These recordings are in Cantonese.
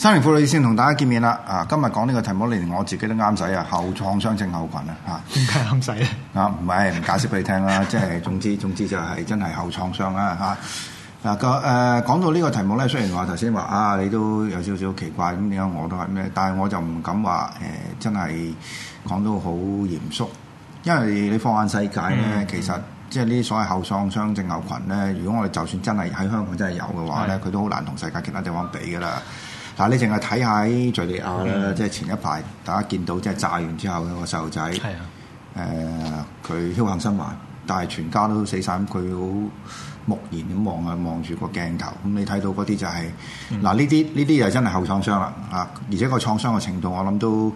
心靈輔導熱線先同大家見面啦，啊，今日講呢個題目嚟，連我自己都啱使啊，後創傷症候群啊，吓，點解啱使咧？啊，唔係，唔、啊、解釋俾你聽啦，即、啊、係 總之總之就係真係後創傷啦，吓嗱個誒，講、啊啊、到呢個題目咧，雖然話頭先話啊，你都有少少奇怪咁點解，我都係咩？但係我就唔敢話誒、啊，真係講到好嚴肅，因為你放眼世界咧、嗯，其實即係呢啲所謂後創傷症候群咧，如果我哋就算真係喺香港真係有嘅話咧，佢都好難同世界其他地方比噶啦。嗱，你淨係睇下喺敍利亞啦，即、嗯、係、就是、前一排大家見到即係、就是、炸完之後有、那個細路仔，誒佢僥幸生還，但係全家都死曬，佢好木然咁望啊，望住個鏡頭，咁你睇到嗰啲就係嗱呢啲呢啲就真係後創傷啦啊，而且個創傷嘅程度我諗都。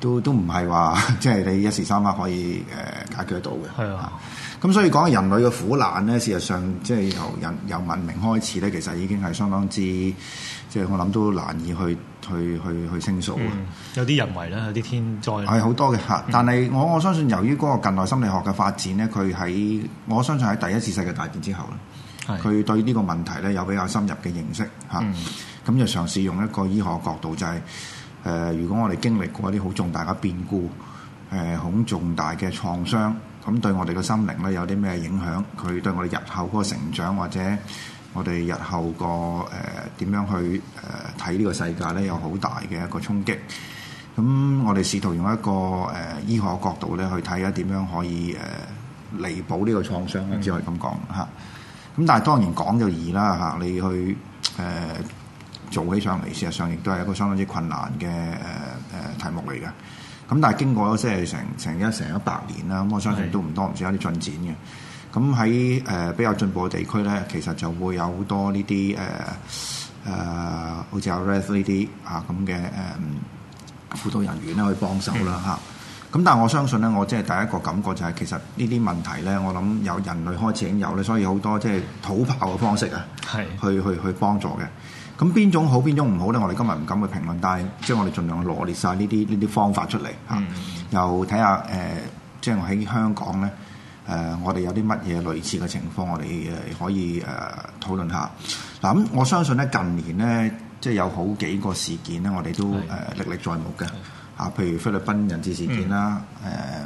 都都唔係話，即係你一時三刻可以、呃、解決得到嘅、啊。啊，咁所以講人類嘅苦難咧，事實上即係由人由文明開始咧，其實已經係相當之，即係我諗都難以去去去去清數啊、嗯。有啲人為呢，有啲天災係好多嘅、啊、但係我我相信，由於嗰個近代心理學嘅發展咧，佢喺我相信喺第一次世界大戰之後咧，佢對呢個問題咧有比較深入嘅認識咁、啊嗯啊、就嘗試用一個醫學角度就係、是。誒、呃，如果我哋經歷過一啲好重大嘅變故，誒、呃，好重大嘅創傷，咁對我哋嘅心靈咧，有啲咩影響？佢對我哋日後嗰個成長或者我哋日後個誒點樣去誒睇呢個世界咧，有好大嘅一個衝擊。咁我哋試圖用一個誒、呃、醫學角度咧去睇下點樣可以誒、呃、彌補呢個創傷咧，只可以咁講嚇。咁、啊、但係當然講就易啦嚇、啊，你去誒。呃做起上嚟，事實上亦都係一個相當之困難嘅誒誒題目嚟嘅。咁但係經過咗即係成成一成一百年啦，咁我相信都唔多唔少有啲進展嘅。咁喺誒比較進步嘅地區咧，其實就會有好多呢啲誒誒，好似阿 Ralph 呢啲啊咁嘅誒輔導人員咧去幫手啦嚇。咁但係我相信咧，我即係第一個感覺就係、是、其實呢啲問題咧，我諗有人類開始已經有咧，所以好多即係土炮嘅方式啊，係去去去幫助嘅。咁邊種好，邊種唔好咧？我哋今日唔敢去評論，但係，即係我哋盡量羅列晒呢啲呢啲方法出嚟嚇、嗯，又睇下誒，即係喺香港咧，誒、呃，我哋有啲乜嘢類似嘅情況，我哋誒可以誒、呃、討論一下。嗱、呃，咁我相信咧，近年咧，即係有好幾個事件咧，我哋都誒、呃、歷歷在目嘅嚇、呃，譬如菲律賓人質事件啦，誒、嗯、呢、呃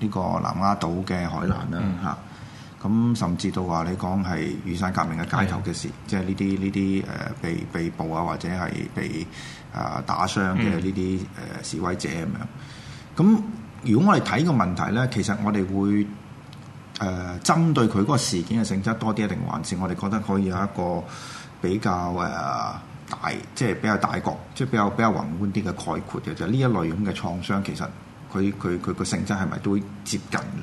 呢個南丫島嘅海難啦嚇。嗯嗯呃咁甚至到話你講係雨傘革命嘅街頭嘅事，嗯、即係呢啲呢啲被被捕啊，或者係被、呃、打傷嘅呢啲示威者咁樣。咁如果我哋睇個問題咧，其實我哋會、呃、針對佢個事件嘅性質多啲，定還是我哋覺得可以有一個比較、呃、大，即係比較大國，即係比較比較宏觀啲嘅概括嘅，就係呢一類咁嘅創傷，其實佢佢佢個性質係咪都會接近咧？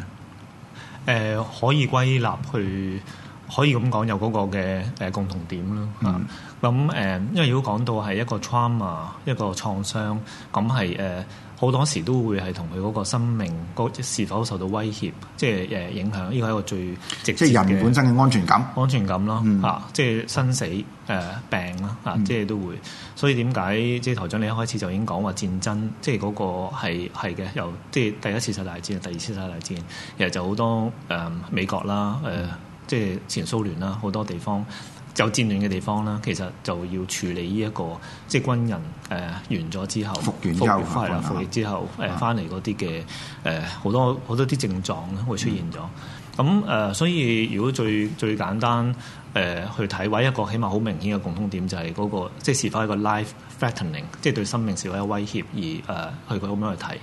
誒、呃、可以歸納去，可以咁講有嗰個嘅、呃、共同點囉。咁、啊、誒、嗯嗯，因為如果講到係一個 trauma，一個創傷，咁係誒。呃好多時都會係同佢嗰個生命嗰是否受到威脅，即係影響。呢個係一個最直接即係人本身嘅安全感，安全感咯，即係生死、呃、病啦、啊、即係都會。嗯、所以點解即係台長你一開始就已經講話戰爭，即係嗰個係係嘅，由即係第一次世界大戰，第二次世界大戰，其實就好多、呃、美國啦、呃，即係前蘇聯啦，好多地方。有戰亂嘅地方啦，其實就要處理呢、這、一個即係軍人誒、呃、完咗之後復原休復役之後誒翻嚟嗰啲嘅誒好多好多啲症狀咧會出現咗。咁、嗯、誒、呃、所以如果最最簡單誒、呃、去睇，揾一個起碼好明顯嘅共通點就係嗰、那個即係、就是否一個 life threatening，即係對生命是否有威脅而誒、呃、去佢咁樣去睇。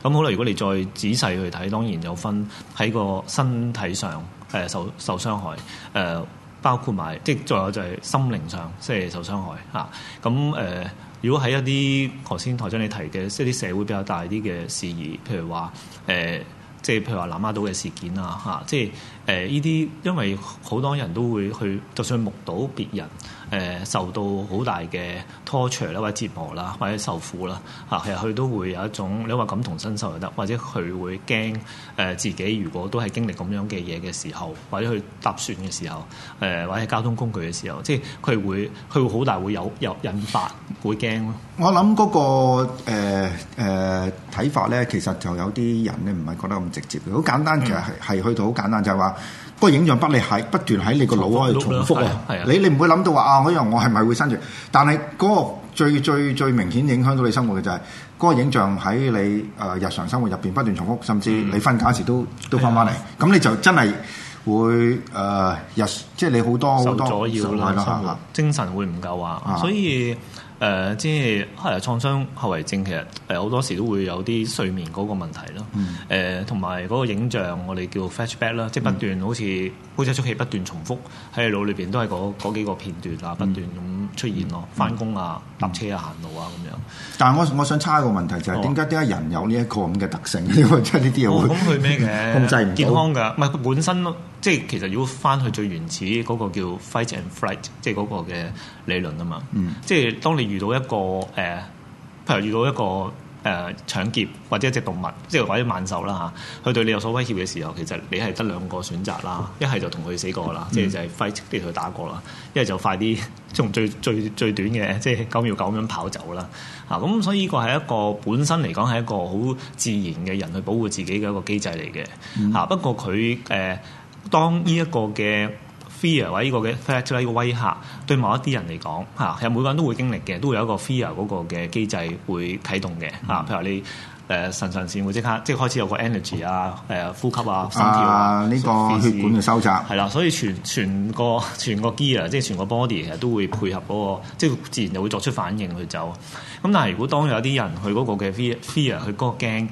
咁好啦，如果你再仔細去睇，當然有分喺個身體上誒、呃、受受傷害誒。呃包括埋即係再有就係心靈上即係受傷害吓。咁誒、呃，如果喺一啲頭先台長你提嘅，即係啲社會比較大啲嘅事宜，譬如話誒，即、呃、係譬如話南丫島嘅事件啊吓，即係。誒呢啲，因為好多人都會去，就算目睹別人誒、呃、受到好大嘅拖拽啦，或者折磨啦，或者受苦啦，嚇，其實佢都會有一種，你話感同身受又得，或者佢會驚誒、呃、自己，如果都係經歷咁樣嘅嘢嘅時候，或者去搭船嘅時候，誒、呃、或者係交通工具嘅時候，即係佢會佢會好大會有有引發會驚咯。我諗嗰個誒呃呃睇法咧，其實就有啲人咧唔係覺得咁直接，好簡單，其實係係去到好簡單，就係話。嗰、那個影像不離喺不斷喺你個腦喺度重複啊！你你唔會諗到話啊嗰樣我係咪會生存。但係嗰個最最最明顯影響到你生活嘅就係、是、嗰、那個影像喺你誒、呃、日常生活入邊不斷重複，甚至你瞓覺時都、嗯、都翻返嚟。咁你就真係會誒、呃、日即係你好多好多受阻擾啦，精神會唔夠啊，啊？所以。誒、呃、即係係，啊，創傷後遺症其實誒好多時都會有啲睡眠個問題咯。誒同埋個影像，我哋叫 flashback 啦、嗯，即係不斷好似好似一出戲不斷重複，喺腦裏邊，都係嗰嗰幾個片段啊，不斷咁出現咯。翻工啊，搭、嗯、車啊，行路啊咁樣，但係我我想差一個問題就係點解點解人有呢一個咁嘅特性？因為即係呢啲嘢好咁去咩嘅？控制唔健康㗎。唔係佢本身咯，即係其實如果翻去最原始、嗰個叫 fight and flight，即係個嘅理論啊嘛。嗯，即係當你。遇到一個誒，譬如遇到一個誒、呃、搶劫或者一隻動物，即係或者猛獸啦嚇，佢對你有所威脅嘅時候，其實你係得兩個選擇啦，一係就同佢死過啦，即、嗯、係就係快啲同佢打過啦，一係就快啲從最最最短嘅即係九秒九咁樣跑走啦嚇。咁、啊、所以呢個係一個本身嚟講係一個好自然嘅人去保護自己嘅一個機制嚟嘅嚇。不過佢誒、呃、當呢一個嘅。fear 或者呢個嘅 threat 咧呢個威嚇，對某一啲人嚟講嚇，其實每個人都會經歷嘅，都會有一個 fear 嗰個嘅機制會啟動嘅嚇、嗯。譬如你誒、呃、腎上腺會刻即刻即係開始有個 energy 啊、呃、誒呼吸啊心跳啊呢、呢個血管嘅收窄，係啦，所以全全個全個 gear 即係全個 body 其實都會配合嗰、嗰個即係自然就會作出反應去走。咁但係如果當有啲人佢嗰個嘅 fear fear 佢嗰個驚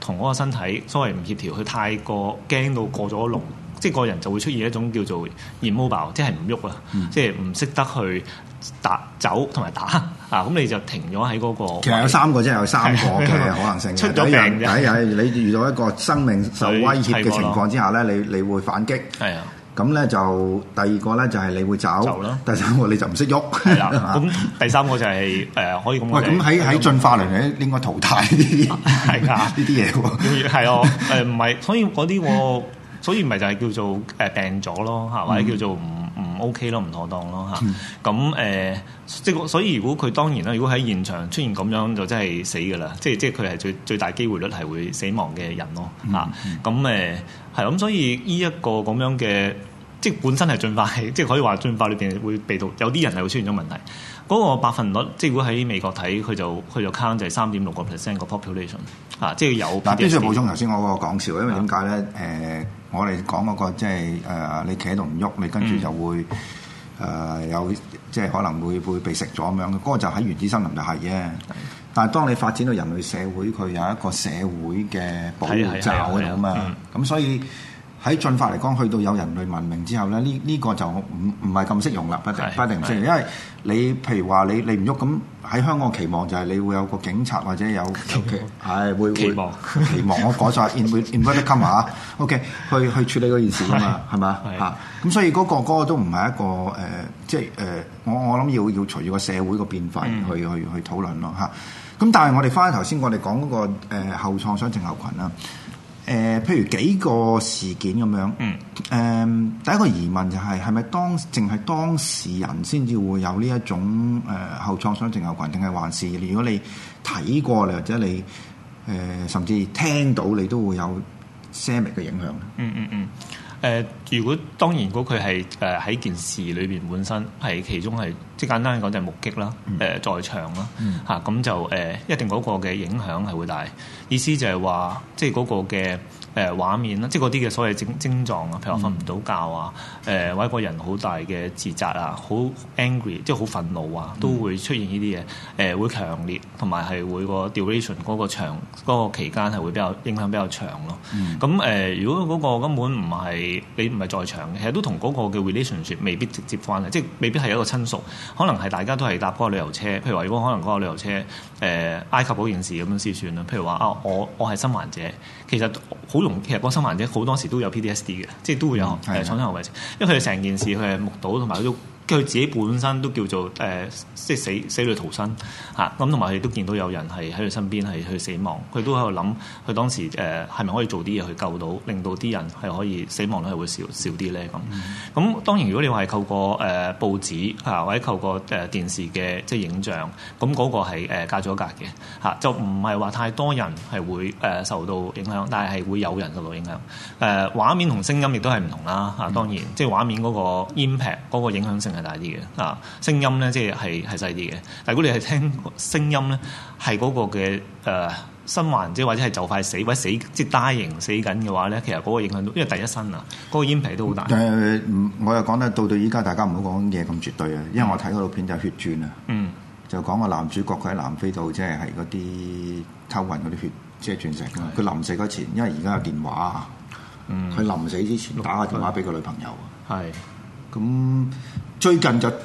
同嗰個身體所謂唔協調，佢太過驚到過咗龍。即係個人就會出現一種叫做 immobile 即係唔喐啦，即係唔識得去打走同埋打啊，咁你就停咗喺嗰個。其實有三個，即係有三個嘅可能性。出咗病，係係 你遇到一個生命受威脅嘅情況之下咧，你你會反擊。係啊，咁咧就第二個咧就係你會走,走，第三個你就唔識喐。係啦，咁 第三個就係、是、誒、呃，可以咁、就是。喂，咁喺喺進化嚟嘅應該淘汰呢啲，係啊呢啲嘢，係哦誒唔係，所以嗰啲我。 所以咪就係叫做誒病咗咯嚇，或者叫做唔唔 OK 咯，唔妥當咯嚇。咁、嗯、誒，即係、呃、所以如果佢當然啦，如果喺現場出現咁樣，就真係死㗎啦。即係即係佢係最最大機會率係會死亡嘅人咯嚇。咁誒係咁，所以呢一個咁樣嘅，即係本身係進化，器，即係可以話進化裏邊會被到有啲人係會出現咗問題。嗰、嗰個百分率，即係如果喺美國睇，佢就佢就 count 就係三點六個 percent 個 population。啊！即係有嗱，必須要補充頭先我嗰個講笑，因為點解咧？誒、呃，我哋講嗰個即係誒，你企喺度唔喐，你跟住就會誒有、嗯呃、即係可能會會被食咗咁樣嘅。嗰、那個就喺原始森林就係啫。但係當你發展到人類社會，佢有一個社會嘅保護罩喺度啊嘛。咁、嗯、所以。喺進化嚟講，去到有人類文明之後咧，呢、這、呢個就唔唔係咁適用啦，不一定，不一定不適用，因為你譬如話你你唔喐咁喺香港期望就係你會有個警察或者有，OK，係會期望、哎、會期望，期望，期望 我改晒 inverted commas, OK 去去處理嗰件事啊嘛，係嘛嚇？咁所以嗰、那個嗰、那個都唔係一個誒，即係誒，我我諗要要隨住個社會個變化去、嗯、去去，去討論咯嚇。咁、啊、但係我哋翻頭先我哋講嗰個誒、呃、後創傷症候群啦。誒、呃，譬如幾個事件咁樣，誒、嗯呃，第一個疑問就係、是，係咪當淨係當事人先至會有呢一種誒、呃、後創傷症候群，定係還是如果你睇過你或者你、呃、甚至聽到你都會有 some 嘅影響嗯嗯嗯。誒、呃，如果當然，如果佢係誒喺件事裏邊，本身係其中係即係簡單嚟講就係目擊啦，誒、呃、在場啦，吓、啊、咁就誒、呃、一定嗰個嘅影響係會大。意思就係話，即、就、嗰、是、個嘅。誒、呃、畫面啦，即係啲嘅所謂症症狀啊，譬如話瞓唔到覺啊，誒或者個人好大嘅自責啊，好 angry，即係好憤怒啊，都會出現呢啲嘢。誒、呃、會強烈，同埋係會個 duration 嗰個長嗰、那個、期間係會比較影響比較長咯。咁、嗯、誒、呃，如果嗰個根本唔係你唔係在場嘅，其實都同個嘅 relation 說未必直接關係，即係未必係一個親屬，可能係大家都係搭嗰個旅遊車，譬如話如果可能那個旅遊車誒、呃、埃及嗰件事咁樣先算啦。譬如話啊，我我係新患者，其實好。.其實嗰個失明者好多時都有 PTSD 嘅，即、就、係、是、都會有創傷後遺症，嗯、是因為佢哋成件事佢係目睹同埋都。佢自己本身都叫做誒、呃、即係死死裏逃生吓，咁同埋佢都見到有人係喺佢身邊係去死亡，佢都喺度諗，佢當時誒係咪可以做啲嘢去救到，令到啲人係可以死亡率係會少少啲咧，咁。咁當然，如果你話係透過誒、呃、報紙嚇、啊，或者透過誒、呃、電視嘅即係影像，咁嗰個係隔咗一格嘅，吓，就唔係話太多人係會誒、呃、受到影響，但係係會有人受到影響。誒，畫面同聲音亦都係唔同啦，吓，當然、嗯、即係畫面嗰個 impact 嗰個影響性。係大啲嘅啊，聲音咧，即係係細啲嘅。但如果你係聽聲音咧，係嗰個嘅誒心環，即係或者係就快死或者死，即係 dying 死緊嘅話咧，其實嗰個影響都因為第一身啊，嗰、嗰個眼皮都好大。誒、呃，我又講咧，到到依家大家唔好講嘢咁絕對啊，因為我睇嗰套片就係、血鑽啊，嗯，就講個男主角佢喺南非度，即係係嗰啲偷運嗰啲血，即係鑽石。佢臨死嗰前，因為而家有電話，啊、嗯，佢臨死之前打個電話俾個女朋友。啊。係咁。最近就呢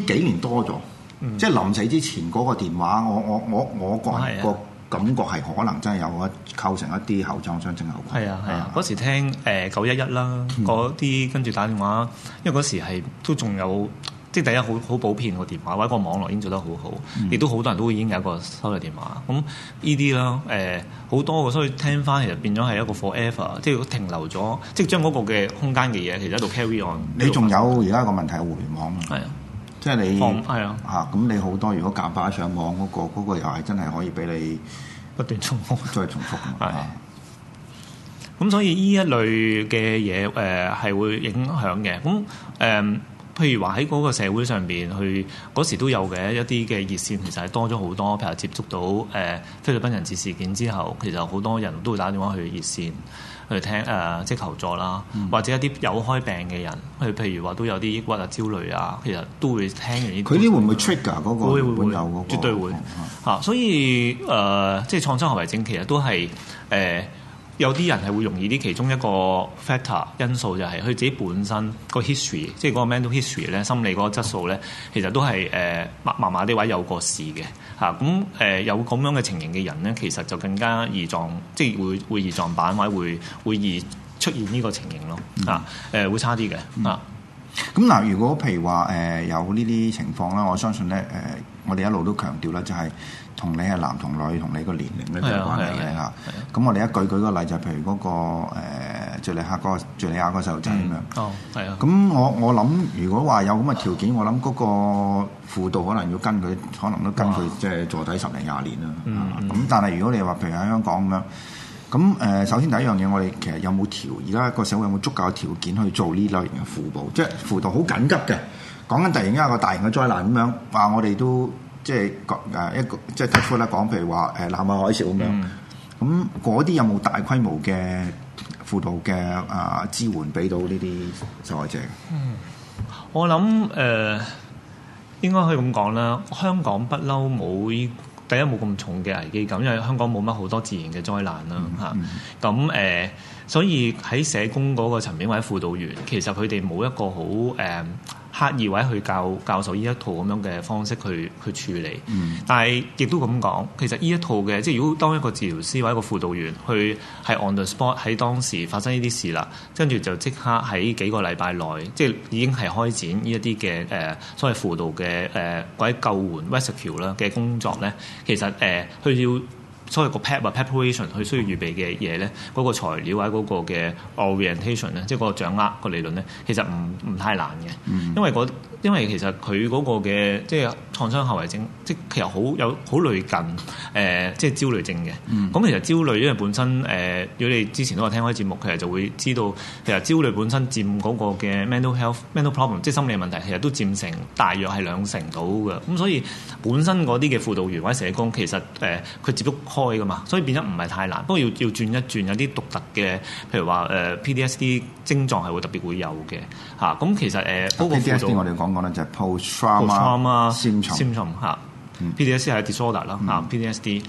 幾年多咗、嗯，即係臨死之前嗰個電話，我我我我個人個感覺係可能真係有啊構成一啲後裝傷症後困。啊、嗯、啊，嗰、啊啊嗯、時聽誒九一一啦，嗰啲跟住打電話，因為嗰時係都仲有。即係第一好好普遍個電話，或者個網絡已經做得好好，嗯、亦都好多人都已經有一個收台電話。咁呢啲咯，誒、呃、好多嘅，所以聽翻其實變咗係一個 forever，即係如果停留咗，即係將嗰個嘅空間嘅嘢，其實喺度 carry on。你仲有而家個問題係互聯網，係啊，即係你方係啊，嚇咁、啊、你好多如果架翻上網嗰、嗰個嗰個又係真係可以俾你不斷重複，再重複啊。咁所以呢一類嘅嘢誒係會影響嘅。咁誒。呃譬如話喺嗰個社會上面，去，嗰時都有嘅一啲嘅熱線，其實係多咗好多。譬如接觸到、呃、菲律賓人質事件之後，其實好多人都會打電話去熱線去聽、呃、即求助啦，或者一啲有開病嘅人，去譬如話都有啲抑鬱啊、焦慮啊，其實都會聽完。佢啲會唔會 trigger 㗎、嗰個？嗰個會會會,會有、嗰個、絕對會嚇、哦。所以誒、呃，即創傷後遺症其實都係誒。呃有啲人係會容易啲，其中一個 factor 因素就係佢自己本身個 history，即係嗰個 mental history 咧，心理嗰個質素咧，其實都係誒麻麻麻啲位有個事嘅嚇。咁、啊、誒、呃、有咁樣嘅情形嘅人咧，其實就更加易撞，即係會會易撞板或者會會易出現呢個情形咯。啊誒、啊，會差啲嘅、嗯、啊。咁嗱，如果譬如話誒、呃、有呢啲情況啦，我相信咧誒、呃，我哋一路都強調啦，就係、是。同你係男同女，同你個年齡咧有關係嘅嚇。咁、啊啊啊啊啊、我哋一舉舉個例就係、是、譬如嗰、那個誒，敍利、呃、克嗰個敍利亞嗰個細路仔咁樣。哦，係啊。咁我我諗，如果話有咁嘅條件，我諗嗰個輔導可能要跟佢，可能都跟佢即係坐底十零廿年啦。咁、嗯啊、但係如果你話譬如喺香港咁樣，咁誒、呃，首先第一樣嘢，我哋其實有冇條？而家個社會有冇足夠條件去做呢類型嘅輔導？即、就、係、是、輔導好緊急嘅。講緊突然間一個大型嘅災難咁樣，話我哋都。即係講誒一個即係突發咧，講譬如話誒南亞海嘯咁樣，咁嗰啲有冇大規模嘅輔導嘅誒、啊、支援俾到呢啲受害者？嗯，我諗誒、呃、應該可以咁講啦。香港不嬲冇第一冇咁重嘅危機感，因為香港冇乜好多自然嘅災難啦嚇。咁、嗯、誒、嗯啊，所以喺社工嗰個層面或者輔導員，其實佢哋冇一個好誒。嗯刻意位去教教授呢一套咁樣嘅方式去去處理，嗯、但係亦都咁講，其實呢一套嘅，即係如果當一個治療師或者一個輔導員去係 on the spot 喺當時發生呢啲事啦，跟住就即刻喺幾個禮拜內，即係已經係開展呢一啲嘅誒所謂輔導嘅誒或者救援 rescue 啦嘅工作咧，其實誒佢、呃、要。所以個 prep 或 preparation 佢需要預備嘅嘢咧，嗰、嗰個材料喺嗰個嘅 orientation 咧，即係個掌握個理論咧，其實唔唔太難嘅，嗯、因為因為其實佢嗰個嘅即係創傷後遺症，即係其實好有好類近誒、呃，即係焦慮症嘅。咁、嗯、其實焦慮因為本身誒、呃，如果你之前都有聽開節目，其實就會知道其實焦慮本身佔嗰個嘅 mental health mental problem，即係心理問題，其實都佔成大約係兩成到嘅。咁所以本身嗰啲嘅輔導員或者社工其實誒，佢、呃、接觸。開噶嘛，所以變得唔係太難，不過要要轉一轉有啲獨特嘅，譬如話誒、呃、PTSD 症狀係會特別會有嘅嚇。咁、啊、其實誒、呃啊、p 我哋講講咧就係 post-trauma 線蟲 PTSD 係 disorder 啦、啊、，PTSD。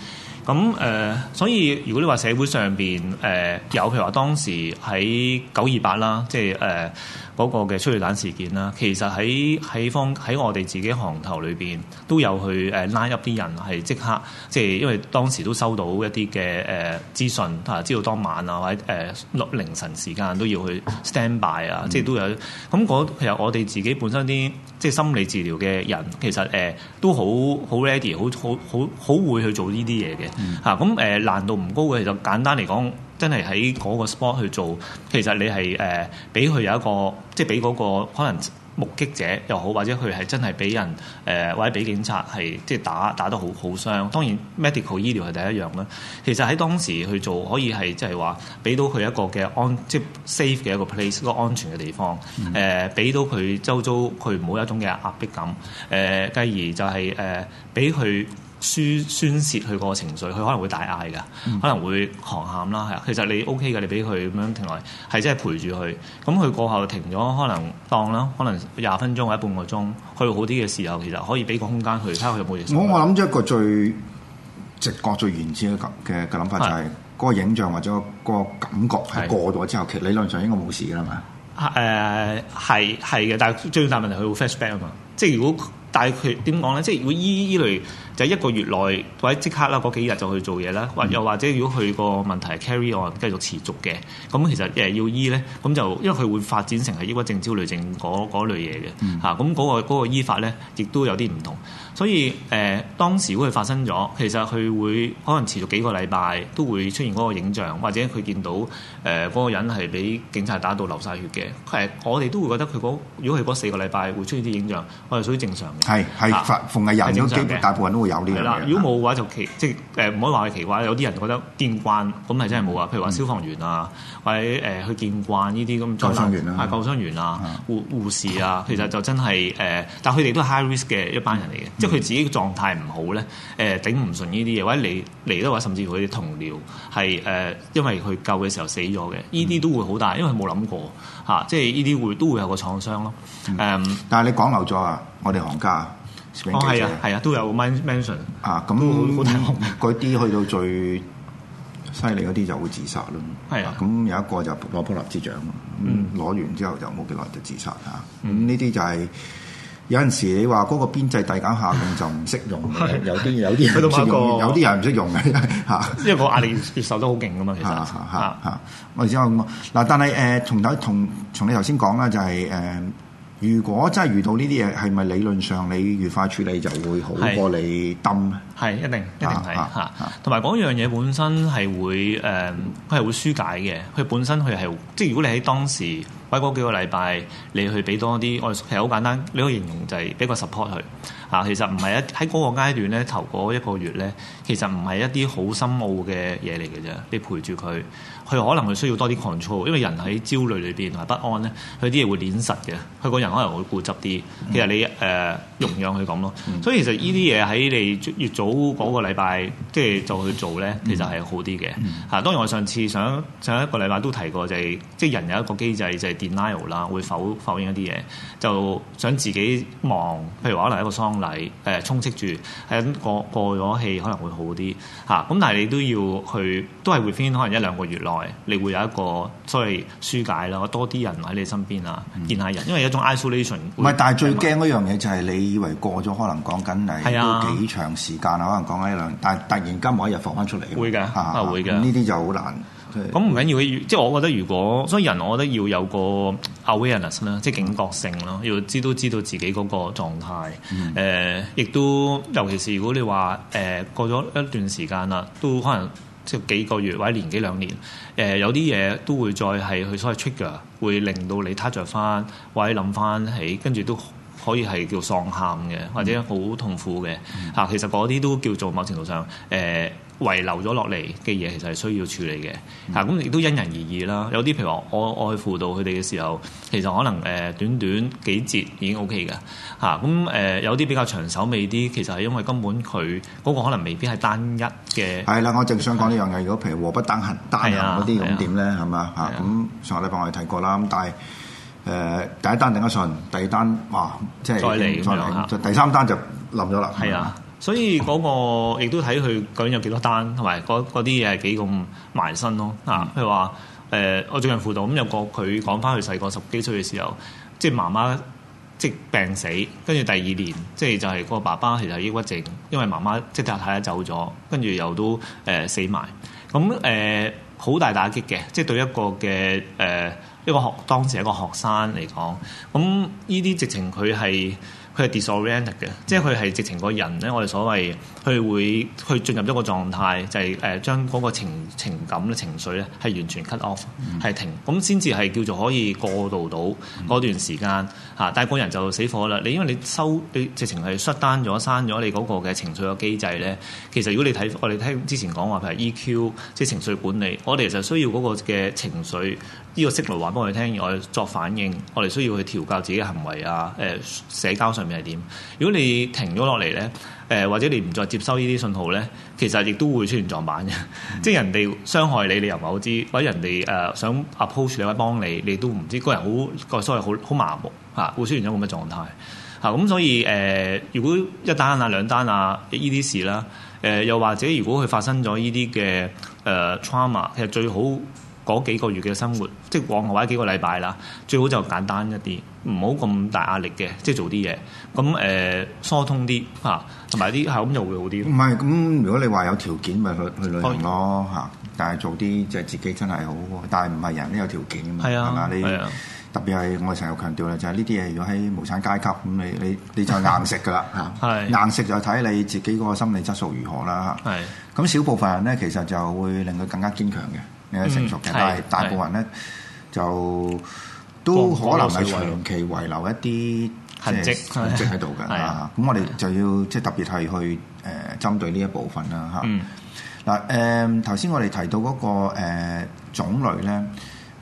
咁誒、嗯呃，所以如果你話社會上邊誒有譬如話當時喺九二八啦，即係誒。呃嗰個嘅催淚彈事件啦，其實喺喺方喺我哋自己行頭裏邊都有去誒拉入啲人係即刻，即係因為當時都收到一啲嘅誒資訊啊，知道當晚啊或者誒、呃、凌晨時間都要去 stand by 啊、嗯，即係都有咁嗰，其實我哋自己本身啲即係心理治療嘅人，其實誒、呃、都好好 ready 好好好好會去做呢啲嘢嘅嚇，咁誒、嗯啊呃、難度唔高嘅，其實簡單嚟講。真係喺嗰個 spot 去做，其實你係誒俾佢有一個，即係俾嗰個可能目擊者又好，或者佢係真係俾人誒、呃，或者俾警察係即係打打得好好傷。當然 medical 醫療係第一樣啦。其實喺當時去做，可以係即係話俾到佢一個嘅安，即係 safe 嘅一個 place，一個安全嘅地方。誒、mm-hmm. 呃，俾到佢周遭佢冇一種嘅壓迫感。誒、呃，繼而就係誒俾佢。呃宣宣泄佢個情緒，佢可能會大嗌噶，嗯、可能會狂喊啦。係其實你 O K 嘅，你俾佢咁樣停落嚟，係真係陪住佢。咁佢過後停咗，可能當啦，可能廿分鐘或者半個鐘。去到好啲嘅時候，其實可以俾個空間佢睇下佢有冇嘢。我我諗咗一個最直覺最原始嘅嘅嘅諗法就係，是，嗰，嗰個影像或者個感覺係過咗之後，其理論上應該冇事㗎喇嘛。誒係係嘅，但係最大問題佢會 flash back 啊嘛。即係如果但係佢點講咧？即係如果依依類。就是、一個月內或者即刻啦，嗰幾日就去做嘢啦。或又或者，如果佢個問題係 carry on 繼續持續嘅，咁其實誒要醫咧，咁就因為佢會發展成係抑鬱症、焦慮症嗰類嘢嘅嚇。咁、嗯、嗰、嗰個嗰、嗰個、醫法咧，亦都有啲唔同。所以誒、呃，當時如果佢發生咗，其實佢會可能持續幾個禮拜都會出現嗰個影像，或者佢見到誒嗰、呃嗰個人係俾警察打到流晒血嘅。係我哋都會覺得佢如果佢嗰四個禮拜會出現啲影像，我係屬於正常嘅。係係，逢係人都幾乎大部分都會。係啦，如果冇嘅話就奇，即係誒唔可以話佢奇怪。有啲人覺得見慣咁係真係冇啊。譬如話消防員啊，嗯、或者誒、呃、去見慣呢啲咁救生員啦、救傷員啊、員啊嗯、護護士啊，其實就真係誒、呃，但佢哋都係 high risk 嘅一班人嚟嘅。嗯、即係佢自己嘅狀態唔好咧，誒、呃、頂唔順呢啲嘢，或者嚟嚟咧，或者甚至佢啲同僚係誒、呃、因為佢救嘅時候死咗嘅，呢啲都會好大，因為冇諗過嚇、呃，即係呢啲會都會有個創傷咯。誒、呃嗯，但係你講漏咗啊，我哋行家。係、哦、啊，係啊，啊，都有 mention 啊。咁嗰啲嗰啲去到最犀利嗰啲就會自殺咯。係啊。咁有一個就攞普立茲獎，攞、嗯、完之後就冇幾耐就自殺嚇。咁呢啲就係、是、有陣時你話嗰個邊際遞減下咁就唔識用、嗯、用。有啲有啲佢都唔識用，有啲人唔識用嘅嚇。因為、那個啊、因為個壓力接受得好勁㗎嘛。嚇嚇我而家咁啊嗱、啊啊啊啊啊，但係誒、呃，從頭同從你頭先講啦，就係誒。如果真係遇到呢啲嘢，係咪理論上你愉快處理就會好過你抌咧？係，一定，一定係嚇。同埋嗰樣嘢本身係會佢係、呃、會舒解嘅。佢本身佢係即係如果你喺當時喺嗰幾個禮拜，你去俾多啲，我其實好簡單，你個形容就係俾個 support 佢嚇、啊。其實唔係一喺嗰個階段咧，頭嗰一個月咧，其實唔係一啲好深奧嘅嘢嚟嘅啫，你陪住佢。佢可能佢需要多啲 control，因為人喺焦慮裏邊同埋不安咧，佢啲嘢會黏實嘅。佢個人可能會固執啲。其實你誒容讓佢咁咯。所以其實呢啲嘢喺你越早個禮拜即係、就係、就去做咧，其實係好啲嘅嚇。當然我上次想上，上一個禮拜都提過、就係，就係即係人有一個機制就係 denial 啦，會否否認一啲嘢。就想自己望，譬如話可能一個喪禮誒充斥住，喺過過咗氣可能會好啲嚇。咁但係你都要去，都係會偏可能一兩個月咯。你會有一個所以疏解啦，多啲人喺你身邊啊、嗯，見下人，因為有一種 isolation。唔係，但係最驚嗰樣嘢就係你以為過咗，可能講緊係都幾長時間啊，可能講緊一兩，但係突然間某一日放翻出嚟。會嘅，啊會㗎。呢啲就好難。咁唔緊要嘅，即、就、係、是、我覺得如果所以人，我覺得要有個 awareness 啦，即係警覺性啦、嗯，要知都知道自己嗰個狀態。亦、嗯呃、都尤其是如果你話誒、呃、過咗一段時間啦，都可能。即幾個月或者年幾兩年，誒、呃，有啲嘢都會再係去所謂 trigger，會令到你撻著翻或者諗翻起，跟住都。可以係叫喪喊嘅，或者好痛苦嘅嚇、嗯啊，其實嗰啲都叫做某程度上誒、呃、遺留咗落嚟嘅嘢，其實係需要處理嘅嚇。咁、嗯、亦、啊、都因人而異啦。有啲譬如我我去輔導佢哋嘅時候，其實可能誒短短幾節已經 OK 嘅嚇。咁、啊、誒、呃、有啲比較長手尾啲，其實係因為根本佢嗰、那個可能未必係單一嘅。係啦，我正想講呢樣嘢。如果譬如禍不單行單行嗰啲咁點咧？係嘛嚇？咁上個禮拜我哋提過啦。咁但係。誒第一單定一順，第二單哇，即係再嚟，再嚟下、就是，第三單就冧咗啦。係啊、就是，所以嗰、那個亦都睇佢究竟有幾多單，同埋嗰啲嘢係幾咁埋身咯。啊，譬如話誒、呃，我最近輔導咁有個佢講翻，佢細個十幾歲嘅時候，即係媽媽即病死，跟住第二年即係就係、是、個爸爸其實係抑鬱症，因為媽媽即刻睇走咗，跟住又都誒、呃、死埋，咁誒。呃好大打擊嘅，即係對一個嘅誒、呃、一個學當時一個學生嚟講，咁呢啲直情佢係佢係 disorient 嘅，即係佢係直情個人咧，我哋所謂佢會去進入一個狀態，就係、是、誒、呃、將嗰個情情感嘅情緒咧係完全 cut off，係、mm -hmm. 停，咁先至係叫做可以過渡到嗰段時間。Mm -hmm. 但大個人就死火啦！你因為你收你直情係 shut down 咗，刪咗你嗰個嘅情緒嘅機制咧。其實如果你睇我哋聽之前講話，譬如 E Q 即係情緒管理，我哋就需要嗰個嘅情緒呢，呢個 signal 話俾我哋聽，我哋作反應。我哋需要去調教自己嘅行為啊，呃，社交上面係點？如果你停咗落嚟咧，或者你唔再接收呢啲信號咧，其實亦都會出現撞板嘅。嗯，即係人哋傷害你，你又唔好知；或者人哋、呃、想 approach 你或者幫你，你都唔知。個人好個所謂好好麻木。啊，會出現咗咁嘅狀態，嚇，咁所以誒、呃，如果一單啊、兩單啊呢啲事啦，誒、呃、又或者如果佢發生咗呢啲嘅誒 trauma，其實最好嗰幾個月嘅生活，即係往後或者幾個禮拜啦，最好就簡單一啲，唔好咁大壓力嘅，即、就、係、是、做啲嘢，咁、呃、誒疏通啲嚇，同埋啲係咁就會好啲。唔係咁，如果你話有條件，咪去去旅行咯嚇，但係做啲即係自己真係好，但係唔係人都有條件啊嘛，係嘛、啊、你？特別係我成日強調啦，就係呢啲嘢要喺無產階級，咁你你你就硬食噶啦嚇，硬食就睇你自己個心理質素如何啦嚇。咁少部分人咧，其實就會令佢更加堅強嘅，更加成熟嘅、嗯，但係大部分人咧就都可能係長期遺留一啲痕跡痕跡喺度嘅。咁、就係、我哋就要即係特別係去誒、呃、針對呢一部分啦嚇。嗱，誒頭先我哋提到嗰、嗰個誒、呃、種類咧。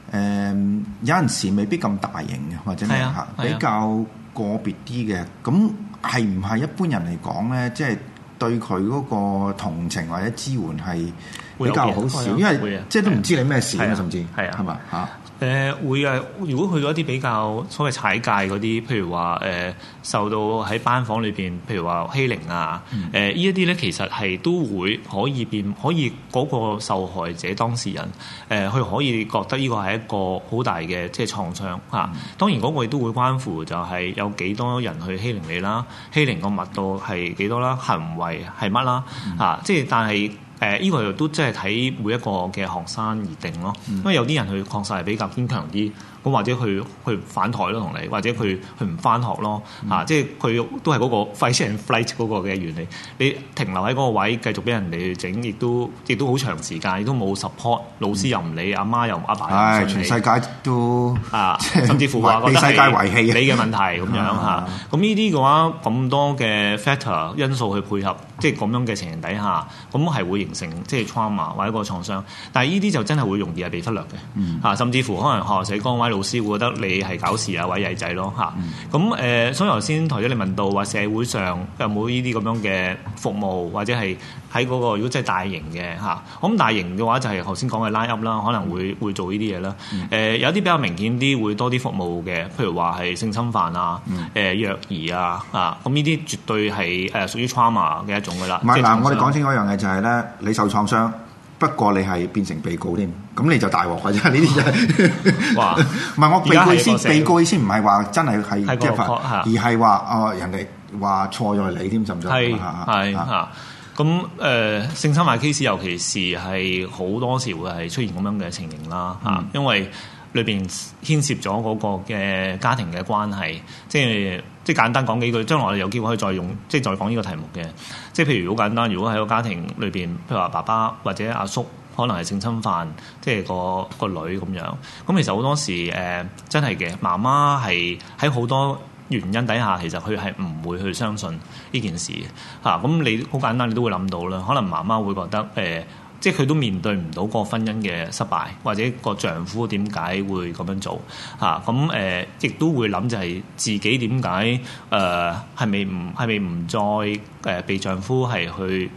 誒、嗯、有陣時未必咁大型嘅，或者係啊,啊，比較個別啲嘅。咁係唔係一般人嚟講咧？即、就、係、是、對佢嗰個同情或者支援係比較好少，因為,因為即係都唔知你咩事係啊，甚至係啊，係嘛嚇？誒、呃、會啊！如果去到一啲比較所謂踩界嗰啲，譬如話誒、呃、受到喺班房裏邊，譬如話欺凌啊，誒呢一啲咧，其實係都會可以變，可以嗰個受害者當事人誒，佢、呃、可以覺得呢個係一個好大嘅即係創傷嚇、嗯啊。當然嗰個亦都會關乎就係有幾多人去欺凌你啦，欺凌個密度係幾多啦，行為係乜啦嚇。即、啊、係但係。誒，呢個又都即係睇每一個嘅學生而定咯，因為有啲人佢確實係比較堅強啲。或者佢佢反台咯，同你；或者佢佢唔翻學咯，吓、嗯啊，即係佢都係個 fight and flight 嗰個嘅原理。你停留喺個位，繼續俾人哋整，亦都亦都好長時間亦都冇 support，老師又唔理，阿、嗯、媽又阿爸，爸又不，係全世界都啊，甚至乎話、就是、被世界遺棄你嘅問題咁樣吓，咁呢啲嘅話，咁多嘅 factor 因素去配合，即係咁樣嘅情形底下，咁係會形成即係、就是、trauma 或者個創傷，但係呢啲就真係會容易係被忽略嘅、嗯，啊，甚至乎可能學死崗位老師，覺得你係搞事啊，或者曳仔咯嚇。咁、嗯、誒、呃，所以頭先台姐你問到話社會上有冇呢啲咁樣嘅服務，或者係喺嗰個如果即係大型嘅嚇。咁大型嘅話就係頭先講嘅 Line Up 啦，可能會會做呢啲嘢啦。誒、呃、有啲比較明顯啲會多啲服務嘅，譬如話係性侵犯啊、誒虐兒啊啊。咁呢啲絕對係誒屬於 trauma 嘅一種噶啦。咪、嗯、嗱，我哋講清楚一樣嘢就係、是、咧，你受創傷。不過你係變成被告添，咁你就大鑊㗎！這些就是、 真呢啲就，唔係我被告先，被告意思唔係話真係係，而係話啊人哋話錯在你添，就唔錯㗎嚇嚇。咁性侵犯 case 尤其是係好多時候好多時會係出現咁樣嘅情形啦、嗯、因為。裏邊牽涉咗嗰個嘅家庭嘅關係，即係即係簡單講幾句。將來我哋有機會可以再用，即係再講呢個題目嘅。即係譬如好簡單，如果喺個家庭裏邊，譬如話爸爸或者阿叔，叔可能係性侵犯，即係個個女咁樣。咁其實好多時誒、呃，真係嘅媽媽係喺好多原因底下，其實佢係唔會去相信呢件事嘅嚇。咁、啊、你好簡單，你都會諗到啦。可能媽媽會覺得誒。呃即係佢都面對唔到個婚姻嘅失敗，或者個丈夫點解會咁樣做嚇？咁誒亦都會諗就係自己點解誒係咪唔係咪唔再誒、呃、被丈夫係去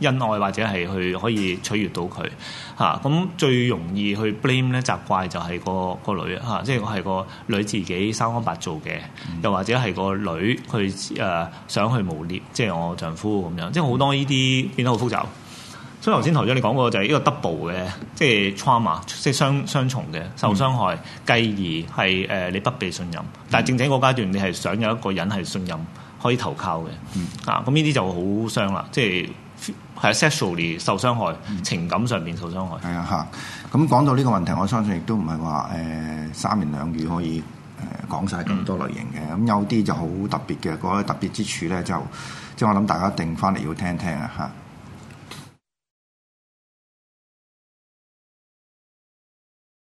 恩愛或者係去可以取悅到佢嚇？咁、啊啊、最容易去 blame 咧責怪就係個個女嚇、啊，即係我係個女自己生安白造嘅、嗯，又或者係個女佢誒、呃、想去無理，即係我丈夫咁樣，即係好多呢啲變得好複雜。所以頭先台長你講過就係一個 double 嘅，即、就、係、是、trauma，即係雙雙重嘅受傷害，嗯、繼而係誒你不被信任。嗯、但係正正嗰階段你係想有一個人係信任可以投靠嘅、嗯，啊，咁呢啲就好傷啦，即係係 sexually 受傷害，嗯、情感上邊受傷害。係、嗯、啊，嚇！咁講到呢個問題，我相信亦都唔係話誒三言兩語可以誒、呃、講晒咁多類型嘅，咁有啲就好特別嘅，嗰、那、啲、個、特別之處咧就即係、就是、我諗大家定翻嚟要聽聽啊，嚇！